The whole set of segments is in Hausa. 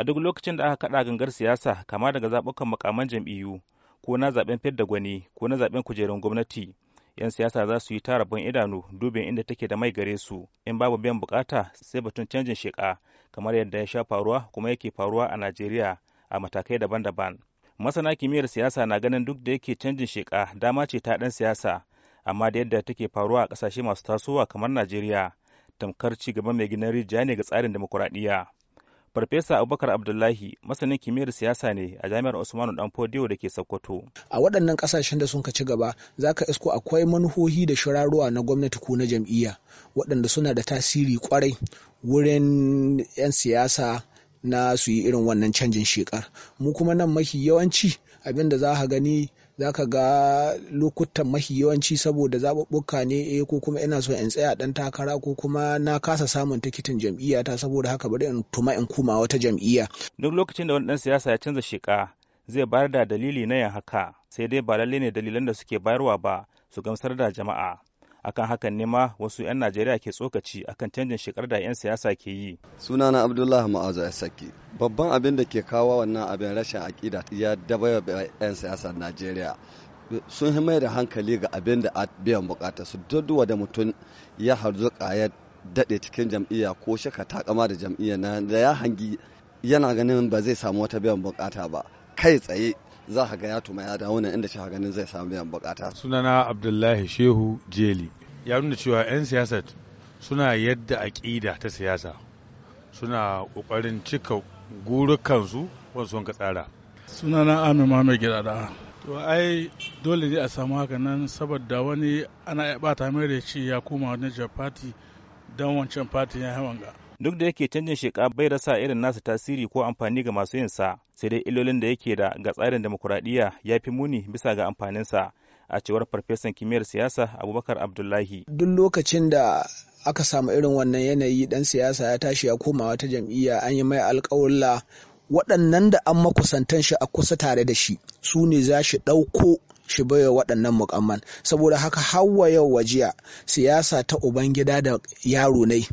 a duk lokacin da aka kaɗa gangar siyasa kama daga zaɓukan makaman jam'iyyu ko na zaɓen fidda gwani ko na zaɓen kujerun gwamnati 'yan siyasa za su yi tara rabon idanu dubin inda take da mai gare su in babu biyan bukata sai batun canjin sheka kamar yadda ya sha faruwa kuma yake faruwa a najeriya a matakai daban-daban masana kimiyyar siyasa na ganin duk da yake canjin sheka dama ce ta ɗan siyasa amma da yadda take faruwa a kasashe masu tasowa kamar najeriya tamkar ci gaba mai ginin rijiya ne ga tsarin demokuraɗiyya Farfesa Abubakar Abdullahi masanin kimiyyar siyasa ne a Jami'ar Usmanu Danfodiyo da ke Sokoto. A waɗannan ƙasashen da sun ci gaba za ka isko akwai manuhohi da shiraruwa na gwamnati ko na jam'iyya waɗanda suna da tasiri kwarai wurin 'yan siyasa na su yi irin wannan canjin shekar mu kuma nan mafi yawanci abin da za ka gani za ka ga lokutan mafi yawanci saboda zaɓuɓɓuka ne eh ko kuma ina so in tsaya ɗan takara ko kuma na kasa samun tikitin jam'iyya ta saboda haka bari in tuma in kuma wata jam'iyya. duk lokacin da wani ɗan siyasa ya canza sheka zai bayar da dalili na yin haka sai dai ba lalle ne dalilan da suke bayarwa ba su gamsar da jama'a. akan hakan ne ma wasu 'yan najeriya ke tsokaci akan canjin shekar da 'yan siyasa ke yi sunana abdullahi ma'azu saki babban abin da ke kawo wannan abin rashin aƙida ya dabaya 'yan siyasar najeriya sun mai da hankali ga abin da a biyan bukata su dudduwa da mutum ya harzuka ya daɗe cikin jam'iyya ko shaka takama da jam'iyya na da ya hangi yana ganin ba zai samu wata biyan bukata ba kai tsaye za ka ga ya tuma ya dawo nan inda shi ganin zai samu yan bukata sunana abdullahi shehu jeli ya nuna cewa 'yan siyasar suna yadda aƙida ta siyasa suna ƙoƙarin cika gurukansu wasu wanka tsara sunana amin gida da to ai dole ne a samu haka nan saboda wani ana ya bata mai da ci ya koma wani jafati don wancan fatin ya hawan ga duk da yake canjin sheka bai rasa irin nasa tasiri ko amfani ga masu yinsa sai dai illolin da yake da ga tsarin demokuraɗiyya ya fi muni bisa ga amfaninsa a cewar farfesan kimiyyar siyasa abubakar abdullahi duk lokacin da aka samu irin wannan yanayi dan siyasa ya tashi ya koma wata jam'iyya an yi mai alƙawalla waɗannan da an makusantan shi a kusa tare da shi su ne za shi ɗauko shi baiwa waɗannan mukamman saboda haka hawa yau wajiya siyasa ta ubangida da yaro ne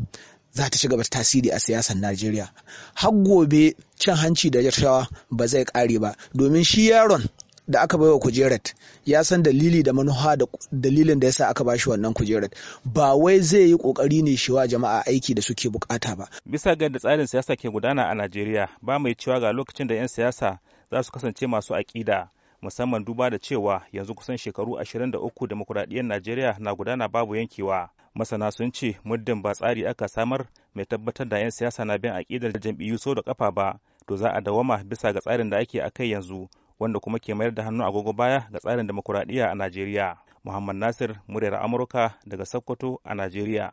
za ta ci gaba tasiri a siyasar Najeriya. Har gobe cin hanci da rashawa ba zai kare ba domin shi yaron da aka baiwa kujerat ya san dalili da manuha da dalilin da yasa aka bashi wannan kujerat ba wai zai yi kokari ne shiwa jama'a aiki da suke bukata ba bisa ga da tsarin siyasa ke gudana a Najeriya ba mai cewa ga lokacin da 'yan siyasa za su kasance masu aƙida musamman duba da cewa yanzu kusan shekaru 23 demokuraɗiyyar Najeriya na gudana babu yankewa masana sun ce muddin ba tsari aka samar mai tabbatar da 'yan siyasa na bin aƙidar jam'iyyu so da kafa ba to za a dawama bisa ga tsarin da ake a kai yanzu wanda kuma ke mayar da hannu agogo baya ga tsarin demokuraɗiyya a najeriya muhammad nasir muryar amurka daga sokoto a najeriya